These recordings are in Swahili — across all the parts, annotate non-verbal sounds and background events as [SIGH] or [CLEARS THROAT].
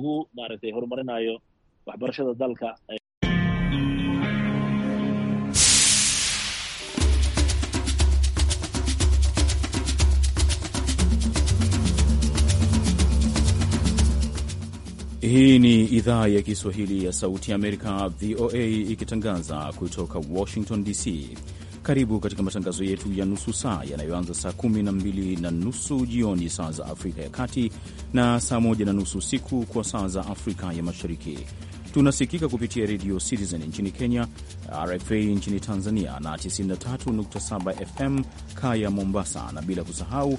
lagu maaragtay horumarinayo waxbarashada dalka Hii ni idhaa ya Kiswahili ya Sauti ya Amerika, VOA, ikitangaza kutoka Washington DC. Karibu katika matangazo yetu ya nusu saa yanayoanza saa kumi na mbili na nusu jioni saa za Afrika ya Kati na saa moja na nusu siku kwa saa za Afrika ya Mashariki. Tunasikika kupitia redio Citizen nchini Kenya, RFA nchini Tanzania na 93.7 FM Kaya Mombasa, na bila kusahau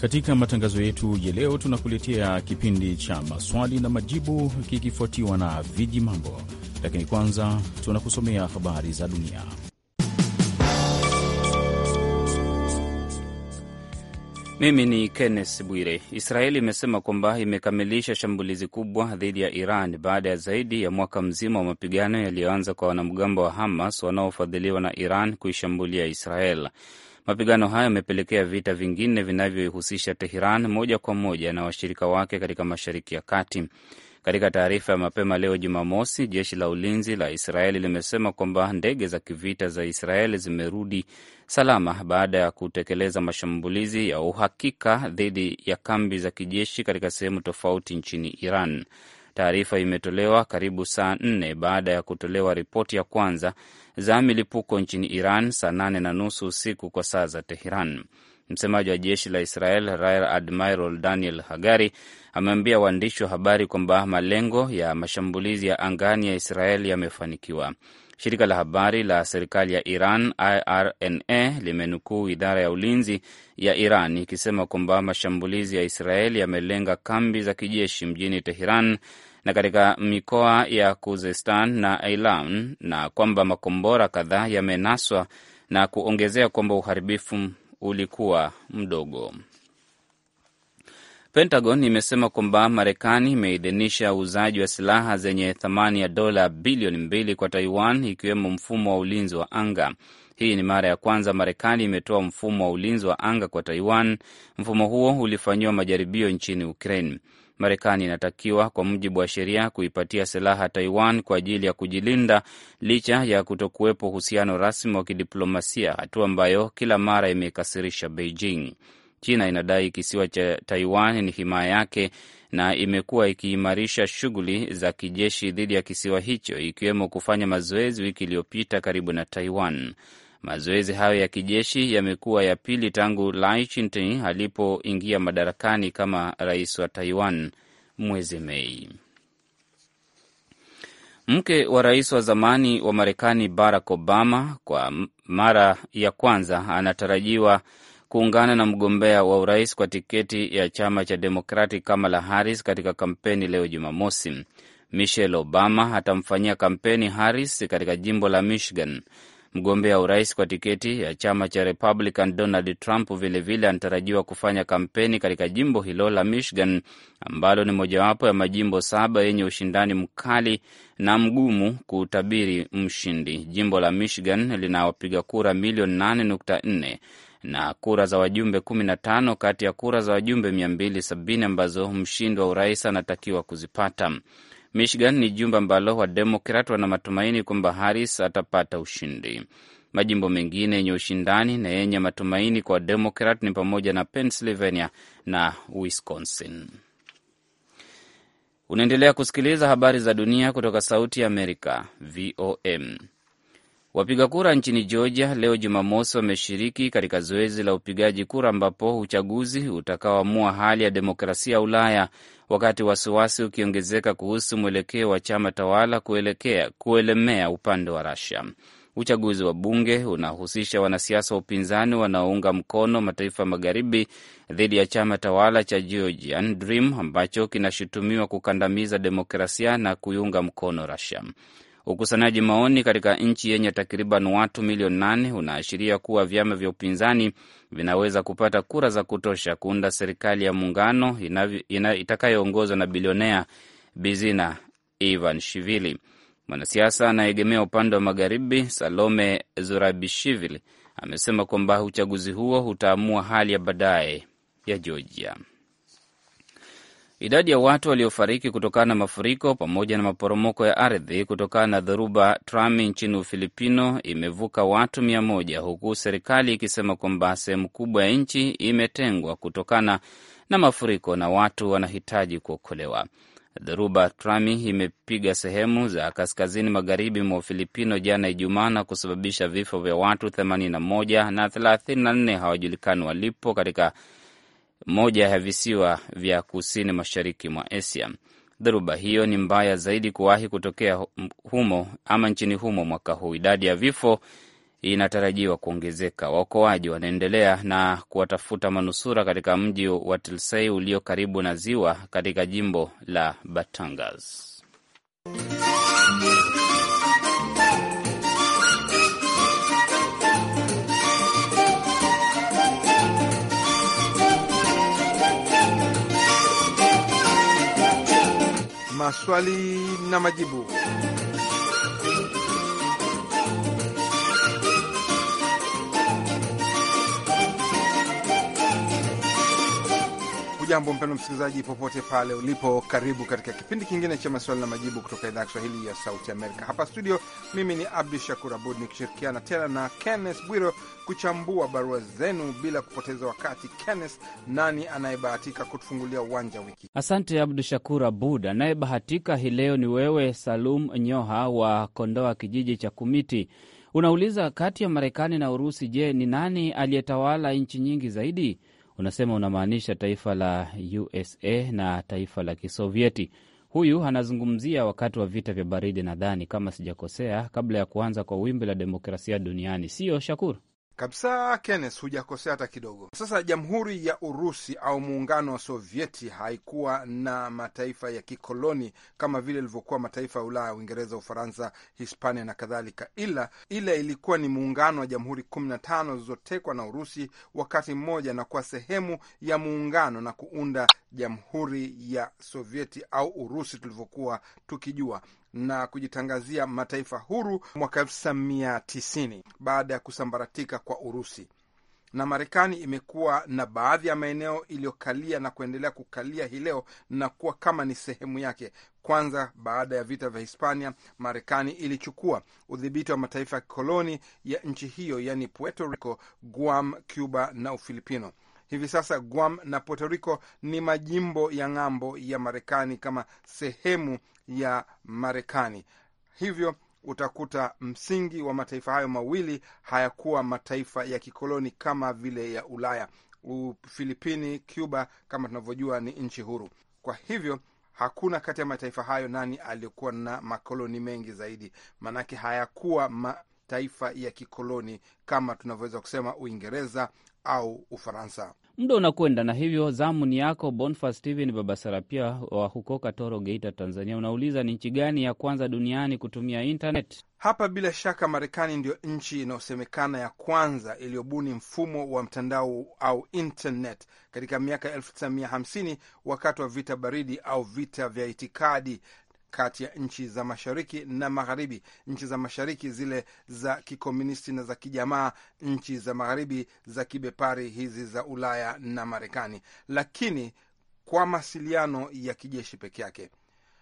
Katika matangazo yetu ya leo, tunakuletea kipindi cha maswali na majibu kikifuatiwa na viji mambo, lakini kwanza tunakusomea habari za dunia. Mimi ni Kenneth Bwire. Israeli imesema kwamba imekamilisha shambulizi kubwa dhidi ya Iran baada ya zaidi ya mwaka mzima wa mapigano yaliyoanza kwa wanamgambo wa Hamas wanaofadhiliwa na Iran kuishambulia Israel. Mapigano hayo yamepelekea vita vingine vinavyoihusisha Teheran moja kwa moja na washirika wake katika Mashariki ya Kati. Katika taarifa ya mapema leo Jumamosi, jeshi la ulinzi la Israeli limesema kwamba ndege za kivita za Israeli zimerudi salama baada ya kutekeleza mashambulizi ya uhakika dhidi ya kambi za kijeshi katika sehemu tofauti nchini Iran. Taarifa imetolewa karibu saa nne baada ya kutolewa ripoti ya kwanza za milipuko nchini Iran saa nane na nusu usiku kwa saa za Teheran. Msemaji wa jeshi la Israel Rear Admiral Daniel Hagari ameambia waandishi wa habari kwamba malengo ya mashambulizi ya angani ya Israel yamefanikiwa. Shirika la habari la serikali ya Iran IRNA limenukuu idara ya ulinzi ya Iran ikisema kwamba mashambulizi ya Israeli yamelenga kambi za kijeshi mjini Teheran na katika mikoa ya Khuzestan na Ilam na kwamba makombora kadhaa yamenaswa na kuongezea kwamba uharibifu ulikuwa mdogo. Pentagon imesema kwamba Marekani imeidhinisha uuzaji wa silaha zenye thamani ya dola bilioni mbili kwa Taiwan, ikiwemo mfumo wa ulinzi wa anga. Hii ni mara ya kwanza Marekani imetoa mfumo wa ulinzi wa anga kwa Taiwan. Mfumo huo ulifanyiwa majaribio nchini Ukraine. Marekani inatakiwa kwa mujibu wa sheria kuipatia silaha Taiwan kwa ajili ya kujilinda, licha ya kutokuwepo uhusiano rasmi wa kidiplomasia, hatua ambayo kila mara imekasirisha Beijing. China inadai kisiwa cha Taiwan ni himaya yake na imekuwa ikiimarisha shughuli za kijeshi dhidi ya kisiwa hicho, ikiwemo kufanya mazoezi wiki iliyopita karibu na Taiwan. Mazoezi hayo ya kijeshi yamekuwa ya pili tangu Lai Ching-te alipoingia madarakani kama rais wa Taiwan mwezi Mei. Mke wa rais wa zamani wa Marekani Barack Obama kwa mara ya kwanza anatarajiwa kuungana na mgombea wa urais kwa tiketi ya chama cha Demokrati Kamala Harris katika kampeni leo Jumamosi. Michelle Obama atamfanyia kampeni Harris katika jimbo la Michigan. Mgombea wa urais kwa tiketi ya chama cha Republican Donald Trump vilevile anatarajiwa kufanya kampeni katika jimbo hilo la Michigan, ambalo ni mojawapo ya majimbo saba yenye ushindani mkali na mgumu kuutabiri mshindi. Jimbo la Michigan lina wapiga kura milioni 8.4 na kura za wajumbe 15 kati ya kura za wajumbe 270 ambazo mshindi wa urais anatakiwa kuzipata. Michigan ni jumba ambalo Wademokrat wana matumaini kwamba Harris atapata ushindi. Majimbo mengine yenye ushindani na yenye matumaini kwa Wademokrat ni pamoja na Pennsylvania na Wisconsin. Unaendelea kusikiliza habari za dunia kutoka Sauti ya Amerika, VOM. Wapiga kura nchini Georgia leo Jumamosi wameshiriki katika zoezi la upigaji kura ambapo uchaguzi utakaoamua hali ya demokrasia ya Ulaya, wakati wasiwasi ukiongezeka kuhusu mwelekeo wa chama tawala kuelekea kuelemea upande wa rasia Uchaguzi wa bunge unahusisha wanasiasa wa upinzani wanaounga mkono mataifa magharibi dhidi ya chama tawala cha Georgian Dream ambacho kinashutumiwa kukandamiza demokrasia na kuiunga mkono Russia. Ukusanyaji maoni katika nchi yenye takriban watu milioni nane unaashiria kuwa vyama vya upinzani vinaweza kupata kura za kutosha kuunda serikali ya muungano itakayoongozwa na bilionea Bizina Ivanishvili. Mwanasiasa anayeegemea upande wa magharibi Salome Zurabishvili amesema kwamba uchaguzi huo utaamua hali ya baadaye ya Georgia. Idadi ya watu waliofariki kutokana na mafuriko pamoja na maporomoko ya ardhi kutokana na dhoruba Trami nchini Ufilipino imevuka watu mia moja huku serikali ikisema kwamba sehemu kubwa ya nchi imetengwa kutokana na mafuriko na watu wanahitaji kuokolewa. Dhoruba Trami imepiga sehemu za kaskazini magharibi mwa Ufilipino jana Ijumaa na kusababisha vifo vya watu 81 na 34 hawajulikani walipo katika moja ya visiwa vya kusini mashariki mwa Asia. Dhoruba hiyo ni mbaya zaidi kuwahi kutokea humo ama nchini humo mwaka huu. Idadi ya vifo inatarajiwa kuongezeka. Waokoaji wanaendelea na kuwatafuta manusura katika mji wa Tilsei ulio karibu na ziwa katika jimbo la Batangas. maswali na majibu. Hujambo mpendo msikilizaji, popote pale ulipo, karibu katika kipindi kingine cha maswali na majibu kutoka idhaa ya Kiswahili ya Sauti Amerika. Hapa studio, mimi ni Abdu Shakur Abud nikishirikiana tena na Kenneth Bwiro kuchambua barua zenu. Bila kupoteza wakati, Kenneth, nani anayebahatika kutufungulia uwanja wiki? Asante Abdu Shakur Abud. Anayebahatika hii leo ni wewe Salum Nyoha wa Kondoa, kijiji cha Kumiti. Unauliza, kati ya Marekani na Urusi, je, ni nani aliyetawala nchi nyingi zaidi? Unasema unamaanisha taifa la USA na taifa la Kisovieti. Huyu anazungumzia wakati wa vita vya baridi, nadhani kama sijakosea, kabla ya kuanza kwa wimbi la demokrasia duniani, sio Shakuru? kabisa, Kenneth, hujakosea hata kidogo. Sasa jamhuri ya Urusi au muungano wa Sovieti haikuwa na mataifa ya kikoloni kama vile ilivyokuwa mataifa ya Ulaya, Uingereza, Ufaransa, Hispania na kadhalika, ila ile ilikuwa ni muungano wa jamhuri kumi na tano zilizotekwa na Urusi wakati mmoja na kuwa sehemu ya muungano na kuunda jamhuri ya Sovieti au Urusi tulivyokuwa tukijua na kujitangazia mataifa huru mwaka tisini baada ya kusambaratika kwa Urusi na Marekani imekuwa na baadhi ya maeneo iliyokalia na kuendelea kukalia hii leo na kuwa kama ni sehemu yake. Kwanza, baada ya vita vya Hispania, Marekani ilichukua udhibiti wa mataifa ya kikoloni ya nchi hiyo, yaani Puerto Rico, Guam, Cuba na Ufilipino. Hivi sasa Guam na Puerto Rico ni majimbo ya ng'ambo ya Marekani kama sehemu ya Marekani. Hivyo utakuta msingi wa mataifa hayo mawili hayakuwa mataifa ya kikoloni kama vile ya Ulaya. Ufilipini, Cuba kama tunavyojua ni nchi huru. Kwa hivyo hakuna kati ya mataifa hayo nani aliyokuwa na makoloni mengi zaidi, maanake hayakuwa mataifa ya kikoloni kama tunavyoweza kusema Uingereza au Ufaransa. Muda unakwenda na hivyo zamu ni yako. Bonfa Steven Babasara pia wa huko Katoro, Geita, Tanzania, unauliza ni nchi gani ya kwanza duniani kutumia internet? Hapa bila shaka Marekani ndiyo nchi inayosemekana ya kwanza iliyobuni mfumo wa mtandao au internet katika miaka 1950 wakati wa vita baridi au vita vya itikadi kati ya nchi za mashariki na magharibi. Nchi za mashariki zile za kikomunisti na za kijamaa, nchi za magharibi za kibepari hizi za Ulaya na Marekani, lakini kwa mawasiliano ya kijeshi peke yake.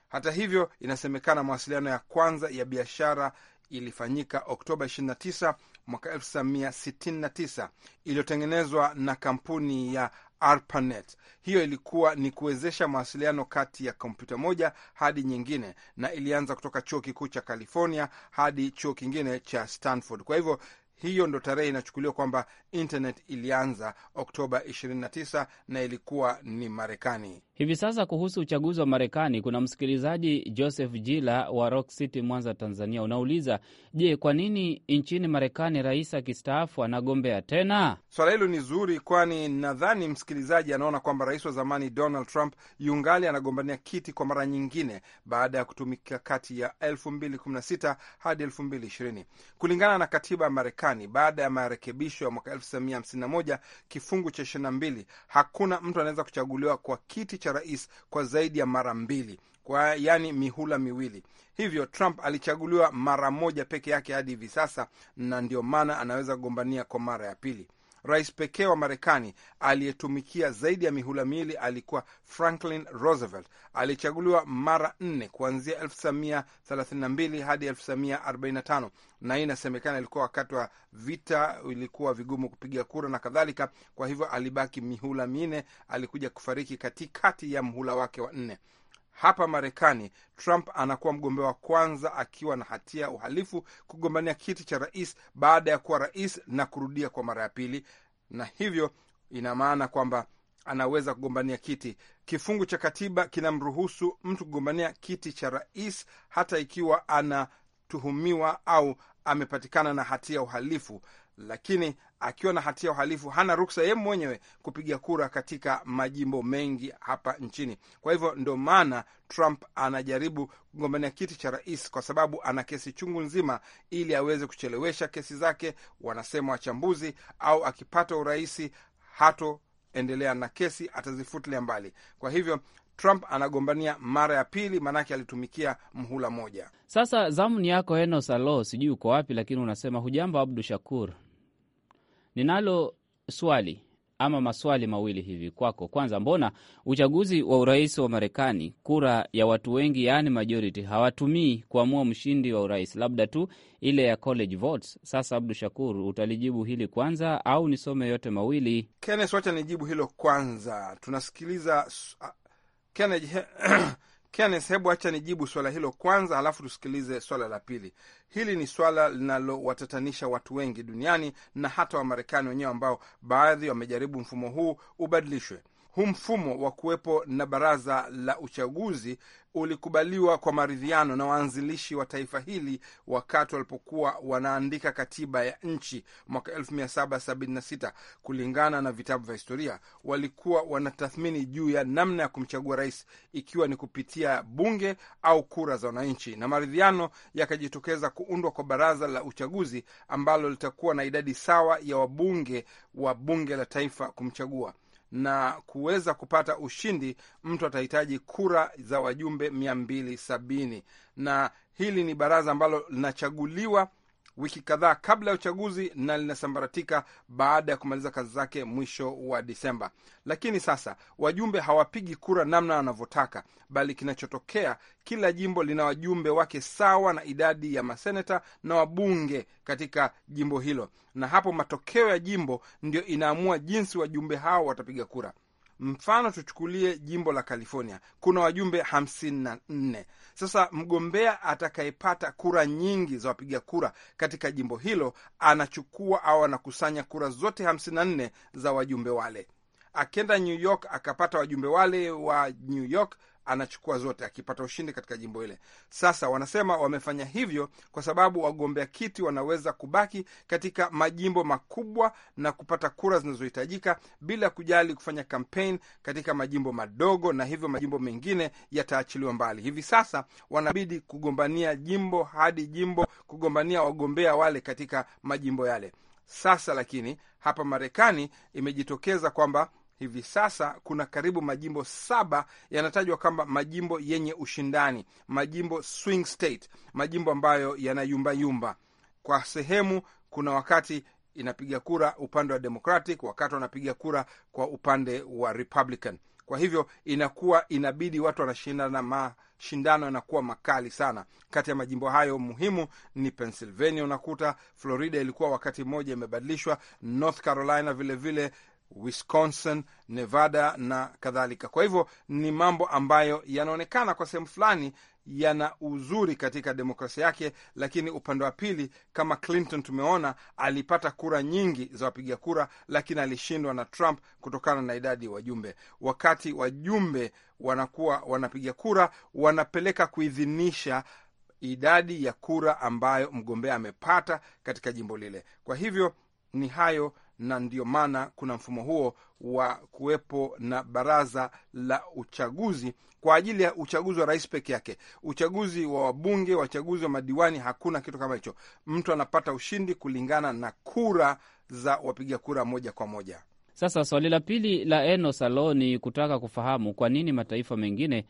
Hata hivyo, inasemekana mawasiliano ya kwanza ya biashara ilifanyika Oktoba 29 mwaka 1969 iliyotengenezwa na kampuni ya ARPANET. Hiyo ilikuwa ni kuwezesha mawasiliano kati ya kompyuta moja hadi nyingine, na ilianza kutoka chuo kikuu cha California hadi chuo kingine cha Stanford. Kwa hivyo hiyo ndo tarehe inachukuliwa kwamba internet ilianza Oktoba 29 na ilikuwa ni Marekani. Hivi sasa kuhusu uchaguzi wa Marekani, kuna msikilizaji Joseph Jila wa Rock City, Mwanza, Tanzania, unauliza je, kwa nini nchini Marekani rais akistaafu anagombea tena? Swala hilo ni zuri, kwani nadhani msikilizaji anaona kwamba rais wa zamani Donald Trump yungali anagombania kiti kwa mara nyingine baada ya kutumika kati ya 2016 hadi 2020. Kulingana na katiba ya Marekani, baada ya marekebisho ya mwaka 1951 kifungu cha 22, hakuna mtu anaweza kuchaguliwa kwa kiti cha rais kwa zaidi ya mara mbili kwa yani mihula miwili. Hivyo Trump alichaguliwa mara moja peke yake hadi hivi sasa, na ndio maana anaweza kugombania kwa mara ya pili. Rais pekee wa Marekani aliyetumikia zaidi ya mihula miwili alikuwa Franklin Roosevelt, aliyechaguliwa mara nne kuanzia 1932 hadi 1945, na hii inasemekana ilikuwa wakati wa vita, ilikuwa vigumu kupiga kura na kadhalika. Kwa hivyo alibaki mihula minne, alikuja kufariki katikati ya mhula wake wa nne. Hapa Marekani, Trump anakuwa mgombea wa kwanza akiwa na hatia ya uhalifu kugombania kiti cha rais baada ya kuwa rais na kurudia kwa mara ya pili, na hivyo ina maana kwamba anaweza kugombania kiti. Kifungu cha katiba kinamruhusu mtu kugombania kiti cha rais hata ikiwa anatuhumiwa au amepatikana na hatia ya uhalifu, lakini akiwa na hatia ya uhalifu hana ruksa ye mwenyewe kupiga kura katika majimbo mengi hapa nchini. Kwa hivyo ndo maana Trump anajaribu kugombania kiti cha rais, kwa sababu ana kesi chungu nzima, ili aweze kuchelewesha kesi zake, wanasema wachambuzi, au akipata urais hatoendelea na kesi, atazifutilia mbali. Kwa hivyo Trump anagombania mara ya pili, maanake alitumikia mhula moja. Sasa zamu ni yako, Enos Alo, sijui uko wapi, lakini unasema hujambo, Abdu Shakur. Ninalo swali ama maswali mawili hivi kwako. Kwanza, mbona uchaguzi wa urais wa Marekani kura ya watu wengi, yaani majority, hawatumii kuamua mshindi wa urais, labda tu ile ya college votes? Sasa Abdu Shakur, utalijibu hili kwanza au nisome yote mawili? Kenneth, wacha nijibu hilo kwanza. Tunasikiliza Kenneth [CLEARS THROAT] Kenneth, hebu hacha nijibu swala hilo kwanza, alafu tusikilize swala la pili. Hili ni swala linalowatatanisha watu wengi duniani na hata Wamarekani wenyewe ambao baadhi wamejaribu mfumo huu ubadilishwe, huu mfumo wa kuwepo na baraza la uchaguzi ulikubaliwa kwa maridhiano na waanzilishi wa taifa hili wakati walipokuwa wanaandika katiba ya nchi mwaka 1776. Kulingana na vitabu vya historia, walikuwa wanatathmini juu ya namna ya kumchagua rais, ikiwa ni kupitia bunge au kura za wananchi, na maridhiano yakajitokeza kuundwa kwa baraza la uchaguzi ambalo litakuwa na idadi sawa ya wabunge wa bunge la taifa kumchagua na kuweza kupata ushindi, mtu atahitaji kura za wajumbe mia mbili sabini na hili ni baraza ambalo linachaguliwa wiki kadhaa kabla ya uchaguzi na linasambaratika baada ya kumaliza kazi zake mwisho wa Disemba. Lakini sasa wajumbe hawapigi kura namna wanavyotaka, bali kinachotokea, kila jimbo lina wajumbe wake sawa na idadi ya maseneta na wabunge katika jimbo hilo, na hapo matokeo ya jimbo ndio inaamua jinsi wajumbe hao watapiga kura. Mfano, tuchukulie jimbo la California, kuna wajumbe hamsini na nne. Sasa mgombea atakayepata kura nyingi za wapiga kura katika jimbo hilo anachukua au anakusanya kura zote hamsini na nne za wajumbe wale. Akienda New York akapata wajumbe wale wa New York anachukua zote akipata ushindi katika jimbo hile. Sasa wanasema wamefanya hivyo kwa sababu wagombea kiti wanaweza kubaki katika majimbo makubwa na kupata kura zinazohitajika bila kujali kufanya kampeni katika majimbo madogo, na hivyo majimbo mengine yataachiliwa mbali. Hivi sasa wanabidi kugombania jimbo hadi jimbo, kugombania wagombea wale katika majimbo yale. Sasa lakini hapa Marekani imejitokeza kwamba Hivi sasa kuna karibu majimbo saba yanatajwa kwamba majimbo yenye ushindani, majimbo swing state, majimbo ambayo yanayumbayumba kwa sehemu. Kuna wakati inapiga kura upande wa Democratic, wakati wanapiga kura kwa upande wa Republican. Kwa hivyo inakuwa inabidi watu wanashindana, mashindano yanakuwa makali sana. Kati ya majimbo hayo muhimu ni Pennsylvania, unakuta Florida ilikuwa wakati mmoja imebadilishwa, North Carolina vilevile vile, Wisconsin, Nevada na kadhalika. Kwa hivyo ni mambo ambayo yanaonekana kwa sehemu fulani yana uzuri katika demokrasia yake, lakini upande wa pili, kama Clinton tumeona alipata kura nyingi za wapiga kura, lakini alishindwa na Trump kutokana na idadi ya wajumbe. Wakati wajumbe wanakuwa wanapiga kura, wanapeleka kuidhinisha idadi ya kura ambayo mgombea amepata katika jimbo lile. Kwa hivyo ni hayo na ndiyo maana kuna mfumo huo wa kuwepo na baraza la uchaguzi kwa ajili ya uchaguzi wa rais peke yake. Uchaguzi wa wabunge, wachaguzi wa madiwani, hakuna kitu kama hicho. Mtu anapata ushindi kulingana na kura za wapiga kura moja kwa moja. Sasa swali la pili la Eno Salo ni kutaka kufahamu kwa nini mataifa mengine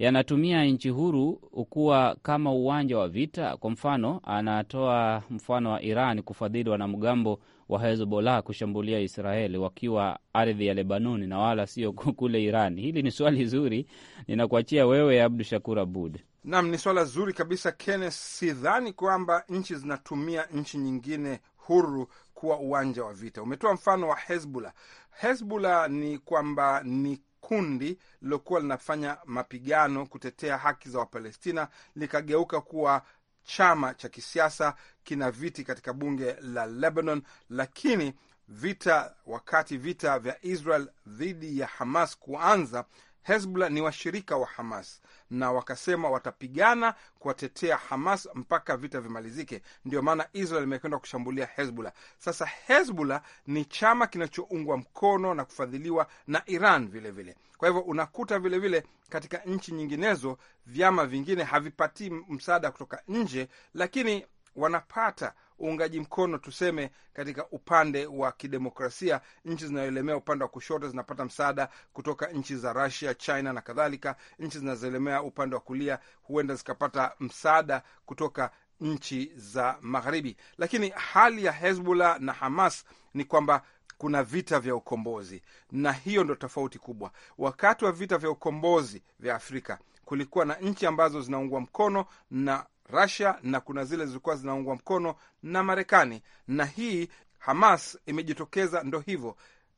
yanatumia nchi huru kuwa kama uwanja wa vita. Kwa mfano, anatoa mfano wa Iran kufadhili wanamgambo wa Hezbollah kushambulia Israeli wakiwa ardhi ya Lebanoni na wala sio kule Iran. Hili ni swali zuri, ninakuachia wewe Abdu Shakur Abud. Naam, ni swala zuri kabisa Kenneth. Sidhani kwamba nchi zinatumia nchi nyingine huru kuwa uwanja wa vita. Umetoa mfano wa Hezbollah. Hezbollah ni kwamba ni kundi lilokuwa linafanya mapigano kutetea haki za Wapalestina likageuka kuwa chama cha kisiasa, kina viti katika bunge la Lebanon, lakini vita wakati vita vya Israel dhidi ya Hamas kuanza Hezbollah ni washirika wa Hamas na wakasema watapigana kuwatetea Hamas mpaka vita vimalizike. Ndio maana Israel imekwenda kushambulia Hezbollah. Sasa Hezbollah ni chama kinachoungwa mkono na kufadhiliwa na Iran vilevile vile. Kwa hivyo unakuta vilevile vile katika nchi nyinginezo vyama vingine havipatii msaada kutoka nje, lakini wanapata uungaji mkono tuseme, katika upande wa kidemokrasia. Nchi zinazoelemea upande wa kushoto zinapata msaada kutoka nchi za Russia, China na kadhalika. Nchi zinazoelemea upande wa kulia huenda zikapata msaada kutoka nchi za magharibi. Lakini hali ya Hezbollah na Hamas ni kwamba kuna vita vya ukombozi, na hiyo ndo tofauti kubwa. Wakati wa vita vya ukombozi vya Afrika kulikuwa na nchi ambazo zinaungwa mkono na Russia na kuna zile zilikuwa zinaungwa mkono na Marekani, na hii Hamas imejitokeza ndo hivyo,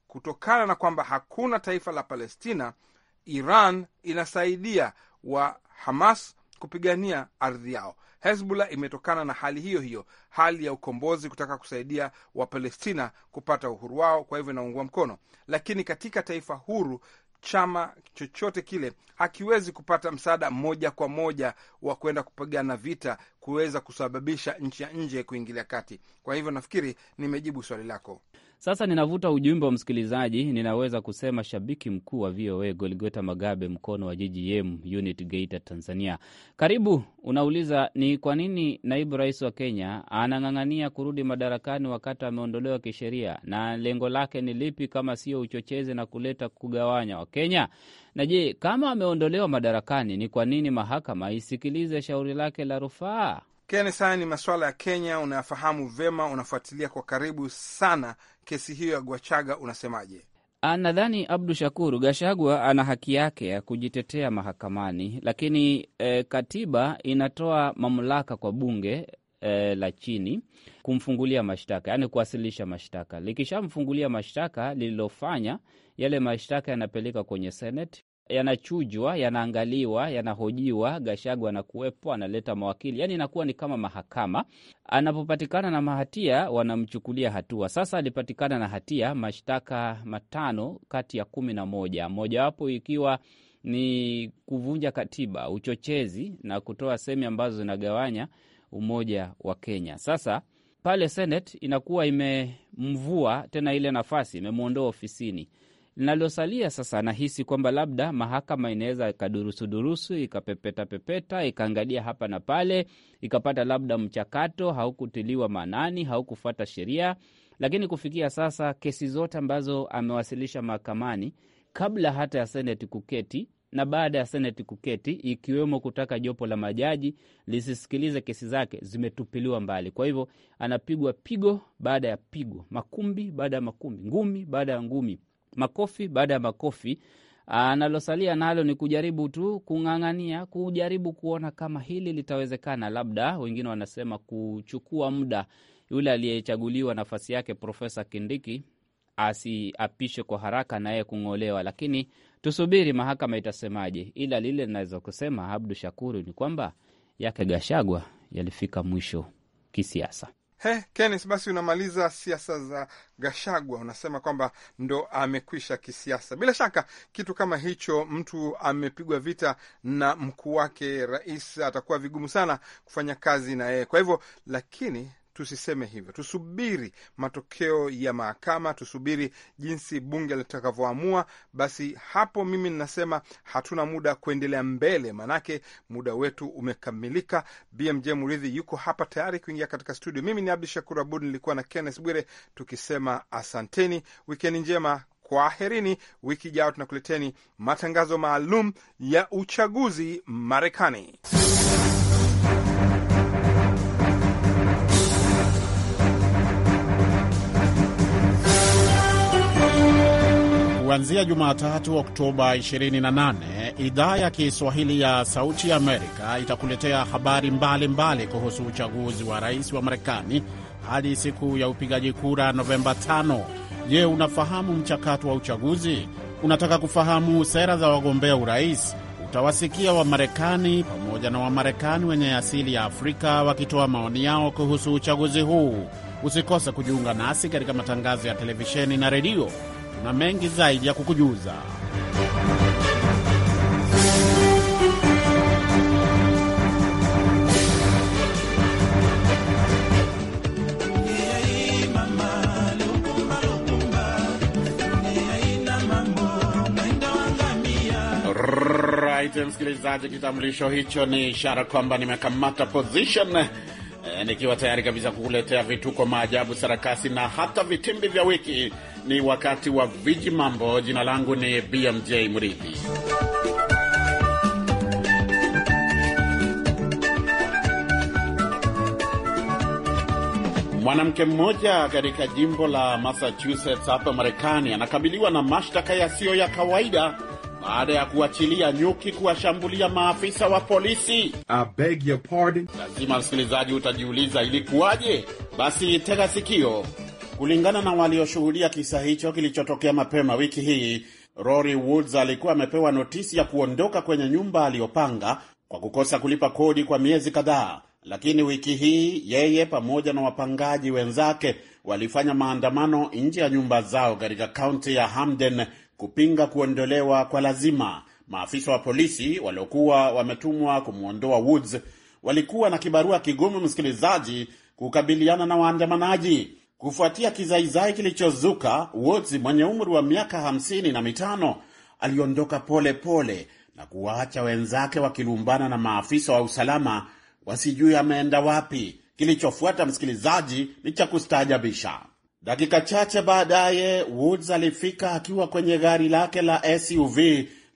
kutokana na kwamba hakuna taifa la Palestina. Iran inasaidia wa Hamas kupigania ardhi yao. Hezbollah imetokana na hali hiyo hiyo, hali ya ukombozi, kutaka kusaidia Wapalestina kupata uhuru wao, kwa hivyo inaungwa mkono. Lakini katika taifa huru chama chochote kile hakiwezi kupata msaada moja kwa moja wa kwenda kupigana vita kuweza kusababisha nchi ya nje kuingilia kati. Kwa hivyo nafikiri nimejibu swali lako. Sasa ninavuta ujumbe wa msikilizaji, ninaweza kusema shabiki mkuu wa VOA Goligota Magabe, mkono wa GGM unit Geita, Tanzania. Karibu. Unauliza ni kwa nini naibu rais wa Kenya anang'ang'ania kurudi madarakani wakati ameondolewa kisheria, na lengo lake ni lipi kama sio uchochezi na kuleta kugawanya Kenya? Na je, kama ameondolewa madarakani, ni kwa nini mahakama isikilize shauri lake la rufaa? Kenesa, ni masuala ya Kenya unayafahamu vema, unafuatilia kwa karibu sana kesi hiyo ya gwachaga unasemaje? Nadhani Abdu Shakur, Gashagwa ana haki yake ya kujitetea mahakamani, lakini e, katiba inatoa mamlaka kwa bunge e, la chini kumfungulia mashtaka, yaani kuwasilisha mashtaka. Likishamfungulia mashtaka, lililofanya yale mashtaka yanapeleka kwenye Senate yanachujwa, yanaangaliwa, yanahojiwa. Gachagua anakuwepo, analeta mawakili, yaani inakuwa ni kama mahakama. Anapopatikana na mahatia, wanamchukulia hatua. Sasa alipatikana na hatia mashtaka matano kati ya kumi na moja, mojawapo ikiwa ni kuvunja katiba, uchochezi na kutoa semi ambazo zinagawanya umoja wa Kenya. Sasa pale Senate inakuwa imemvua tena ile nafasi, imemwondoa ofisini. Linalosalia sasa, nahisi kwamba labda mahakama inaweza ikadurusudurusu, ikapepetapepeta, ikaangalia hapa na pale, ikapata labda mchakato haukutiliwa maanani, haukufuata sheria. Lakini kufikia sasa kesi zote ambazo amewasilisha mahakamani kabla hata ya seneti kuketi na baada ya seneti kuketi, ikiwemo kutaka jopo la majaji lisisikilize kesi zake, zimetupiliwa mbali. Kwa hivyo anapigwa pigo baada ya pigo, makumbi baada ya makumbi, ngumi baada ya ngumi makofi baada ya makofi. Analosalia nalo ni kujaribu tu kung'ang'ania, kujaribu kuona kama hili litawezekana, labda wengine wanasema kuchukua muda yule aliyechaguliwa nafasi yake Profesa Kindiki asiapishwe kwa haraka na yeye kung'olewa, lakini tusubiri mahakama itasemaje. Ila lile linaweza kusema Abdu Shakuru ni kwamba yake Gashagwa yalifika mwisho kisiasa. Hey, Kenis, basi unamaliza siasa za Gashagwa, unasema kwamba ndo amekwisha kisiasa. Bila shaka kitu kama hicho, mtu amepigwa vita na mkuu wake rais, atakuwa vigumu sana kufanya kazi na yeye. Kwa hivyo, lakini tusiseme hivyo, tusubiri matokeo ya mahakama, tusubiri jinsi bunge litakavyoamua. Basi hapo mimi ninasema hatuna muda kuendelea mbele, manake muda wetu umekamilika. BMJ Muridhi yuko hapa tayari kuingia katika studio. Mimi ni Abdu Shakur Abud, nilikuwa na Kenneth Bwire tukisema asanteni, wikendi njema, kwaherini. Wiki ijayo tunakuleteni matangazo maalum ya uchaguzi Marekani. Kuanzia Jumatatu Oktoba 28, idhaa ya Kiswahili ya Sauti ya Amerika itakuletea habari mbalimbali mbali kuhusu uchaguzi wa rais wa Marekani hadi siku ya upigaji kura Novemba 5. Je, unafahamu mchakato wa uchaguzi? Unataka kufahamu sera za wagombea urais? Utawasikia Wamarekani pamoja na Wamarekani wenye asili ya Afrika wakitoa maoni yao kuhusu uchaguzi huu. Usikose kujiunga nasi katika matangazo ya televisheni na redio na mengi zaidi ya kukujuza. msikilizaji, kitambulisho hicho ni ishara kwamba nimekamata position e, nikiwa tayari kabisa kukuletea vituko, maajabu, sarakasi na hata vitimbi vya wiki ni wakati wa viji mambo. Jina langu ni BMJ Mridhi. Mwanamke mmoja katika jimbo la Massachusetts hapa Marekani anakabiliwa na mashtaka yasiyo ya kawaida baada ya kuachilia nyuki kuwashambulia maafisa wa polisi. I beg your pardon. Lazima msikilizaji, utajiuliza ilikuwaje? Basi tega sikio Kulingana na walioshuhudia kisa hicho kilichotokea mapema wiki hii, Rory Woods alikuwa amepewa notisi ya kuondoka kwenye nyumba aliyopanga kwa kukosa kulipa kodi kwa miezi kadhaa, lakini wiki hii yeye pamoja na wapangaji wenzake walifanya maandamano nje ya nyumba zao katika kaunti ya Hamden kupinga kuondolewa kwa lazima. Maafisa wa polisi waliokuwa wametumwa kumwondoa Woods walikuwa na kibarua kigumu, msikilizaji, kukabiliana na waandamanaji kufuatia kizaizai kilichozuka. Woods mwenye umri wa miaka hamsini na mitano aliondoka pole pole na kuwaacha wenzake wakilumbana na maafisa wa usalama wasijui ameenda wapi. Kilichofuata msikilizaji, ni cha kustaajabisha. Dakika chache baadaye, Woods alifika akiwa kwenye gari lake la SUV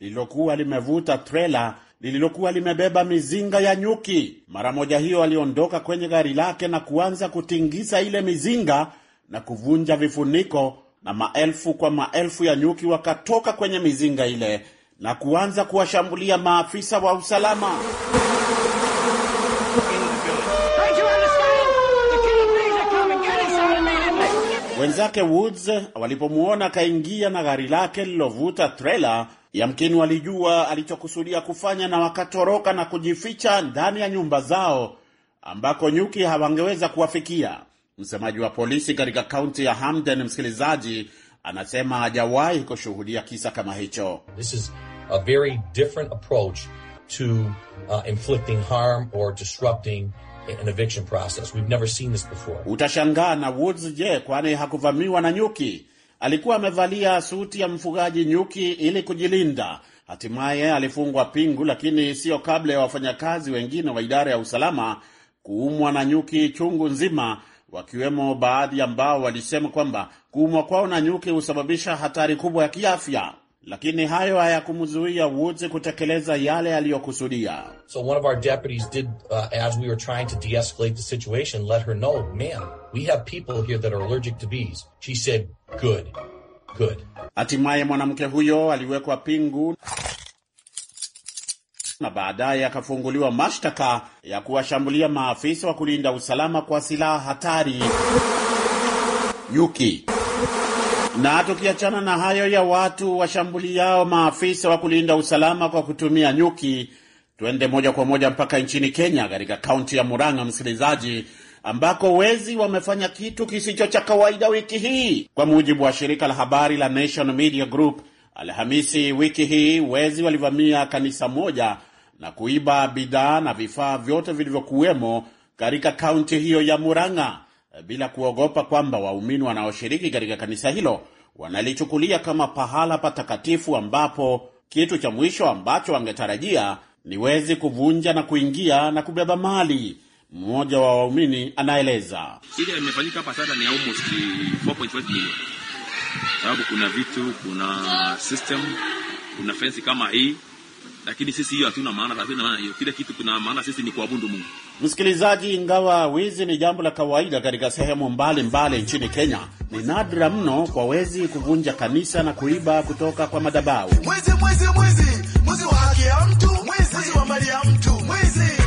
lililokuwa limevuta trela lililokuwa limebeba mizinga ya nyuki. Mara moja hiyo aliondoka kwenye gari lake na kuanza kutingisa ile mizinga na kuvunja vifuniko, na maelfu kwa maelfu ya nyuki wakatoka kwenye mizinga ile na kuanza kuwashambulia maafisa wa usalama. Wenzake Woods walipomwona akaingia na gari lake lililovuta trela Yamkini walijua alichokusudia kufanya na wakatoroka na kujificha ndani ya nyumba zao ambako nyuki hawangeweza kuwafikia. Msemaji wa polisi katika kaunti ya Hamden, msikilizaji, anasema hajawahi kushuhudia kisa kama hicho. This is a very different approach to uh, inflicting harm or disrupting an eviction process. We've never seen this before. Utashangaa na Woods, je, kwani hakuvamiwa na nyuki? Alikuwa amevalia suti ya mfugaji nyuki ili kujilinda. Hatimaye alifungwa pingu, lakini siyo kabla ya wafanyakazi wengine wa idara ya usalama kuumwa na nyuki chungu nzima, wakiwemo baadhi ambao walisema kwamba kuumwa kwao na nyuki husababisha hatari kubwa ya kiafya. Lakini hayo hayakumzuia Woods kutekeleza yale aliyokusudia. So one of our deputies did, uh, as we were trying to de-escalate the situation, let her know, We have people here that are allergic to bees. She said, good, good. Hatimaye mwanamke huyo aliwekwa pingu na baadaye akafunguliwa mashtaka ya kuwashambulia maafisa wa kulinda usalama kwa silaha hatari nyuki. Na tukiachana na hayo ya watu washambuliao maafisa wa kulinda usalama kwa kutumia nyuki, tuende moja kwa moja mpaka nchini Kenya, katika kaunti ya Murang'a, msikilizaji ambako wezi wamefanya kitu kisicho cha kawaida wiki hii. Kwa mujibu wa shirika la habari la Nation Media Group, Alhamisi wiki hii wezi walivamia kanisa moja na kuiba bidhaa na vifaa vyote vilivyokuwemo katika kaunti hiyo ya Murang'a bila kuogopa kwamba waumini wanaoshiriki katika kanisa hilo wanalichukulia kama pahala patakatifu ambapo kitu cha mwisho ambacho wangetarajia ni wezi kuvunja na kuingia na kubeba mali. Mmoja wa waumini anaeleza ile imefanyika hapa sasa ni almost 4.5 million, sababu kuna vitu, kuna system, kuna fensi kama hii lakini sisi hiyo hatuna maana kabisa, maana hiyo kile kitu kuna maana sisi ni kuabudu Mungu. Msikilizaji, ingawa wizi ni jambo la kawaida katika sehemu mbalimbali nchini Kenya, ni nadra mno kwa wezi kuvunja kanisa na kuiba kutoka kwa madhabahu. Mwizi, mwizi, mwizi, mwizi wa haki ya mtu, mwizi wa mali ya mtu, mwizi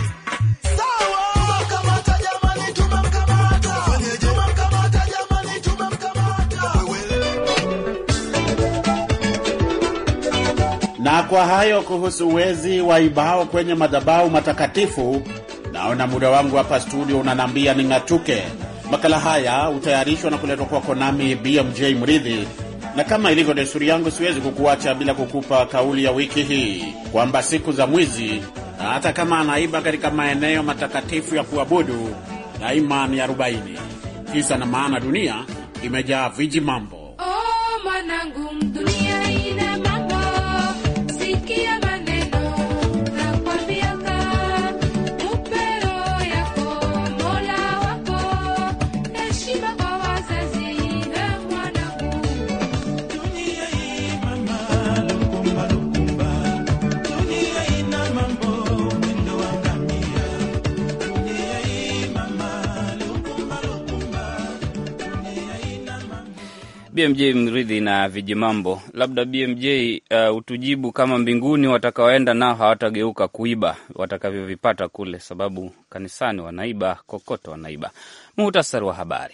Na kwa hayo kuhusu wezi ibao kwenye madhabahu matakatifu, naona muda wangu hapa studio unanambia ning'atuke. Makala haya hutayarishwa na kuletwa kwako nami BMJ Mridhi, na kama ilivyo desturi yangu, siwezi kukuacha bila kukupa kauli ya wiki hii kwamba siku za mwizi, na hata kama anaiba katika maeneo matakatifu ya kuabudu, daima ni arobaini. Kisa na maana, dunia imejaa viji mambo. Oh, BMJ Mridhi na Vijimambo, labda BMJ uh, utujibu kama mbinguni watakaoenda nao hawatageuka kuiba watakavyovipata kule, sababu kanisani wanaiba, kokote wanaiba. Muhtasari wa habari.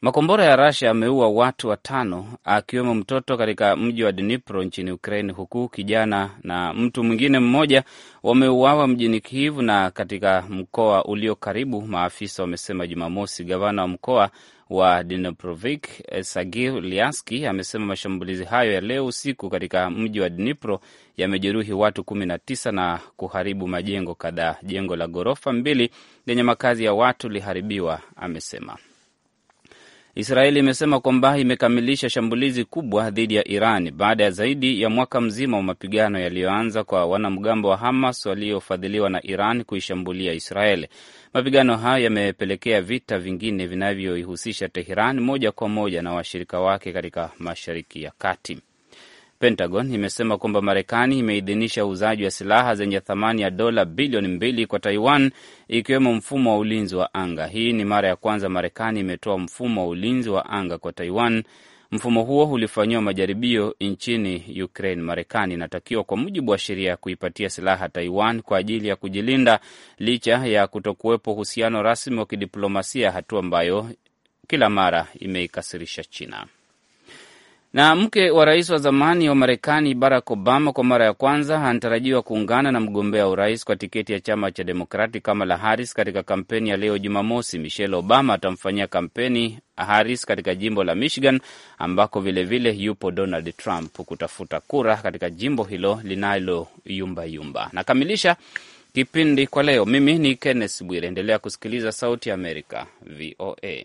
Makombora ya Rasia yameua watu watano akiwemo mtoto katika mji wa Dnipro nchini Ukraine, huku kijana na mtu mwingine mmoja wameuawa mjini kivu na katika mkoa ulio karibu, maafisa wamesema Jumamosi. Gavana wa mkoa wa Dniprovik eh, Sergiy Liaski amesema mashambulizi hayo ya leo usiku katika mji wa Dnipro yamejeruhi watu tisa na kuharibu majengo kadhaa. Jengo la ghorofa mbili lenye makazi ya watu liharibiwa, amesema. Israeli imesema kwamba imekamilisha shambulizi kubwa dhidi ya Iran baada ya zaidi ya mwaka mzima wa mapigano yaliyoanza kwa wanamgambo wa Hamas waliofadhiliwa na Iran kuishambulia Israeli. Mapigano hayo yamepelekea vita vingine vinavyoihusisha Teheran moja kwa moja na washirika wake katika Mashariki ya Kati. Pentagon imesema kwamba Marekani imeidhinisha uuzaji wa silaha zenye thamani ya dola bilioni mbili kwa Taiwan, ikiwemo mfumo wa ulinzi wa anga. Hii ni mara ya kwanza Marekani imetoa mfumo wa ulinzi wa anga kwa Taiwan. Mfumo huo ulifanyiwa majaribio nchini Ukraine. Marekani inatakiwa kwa mujibu wa sheria ya kuipatia silaha Taiwan kwa ajili ya kujilinda, licha ya kutokuwepo uhusiano rasmi wa kidiplomasia, hatua ambayo kila mara imeikasirisha China. Na mke wa rais wa zamani wa Marekani Barack Obama kwa mara ya kwanza anatarajiwa kuungana na mgombea urais kwa tiketi ya chama cha Demokrati Kamala Harris katika kampeni ya leo Jumamosi. Michelle Obama atamfanyia kampeni Harris katika jimbo la Michigan ambako vilevile vile yupo Donald Trump kutafuta kura katika jimbo hilo linaloyumbayumba. Nakamilisha kipindi kwa leo. Mimi ni Kenneth Bwire, endelea kusikiliza Sauti ya Amerika, VOA.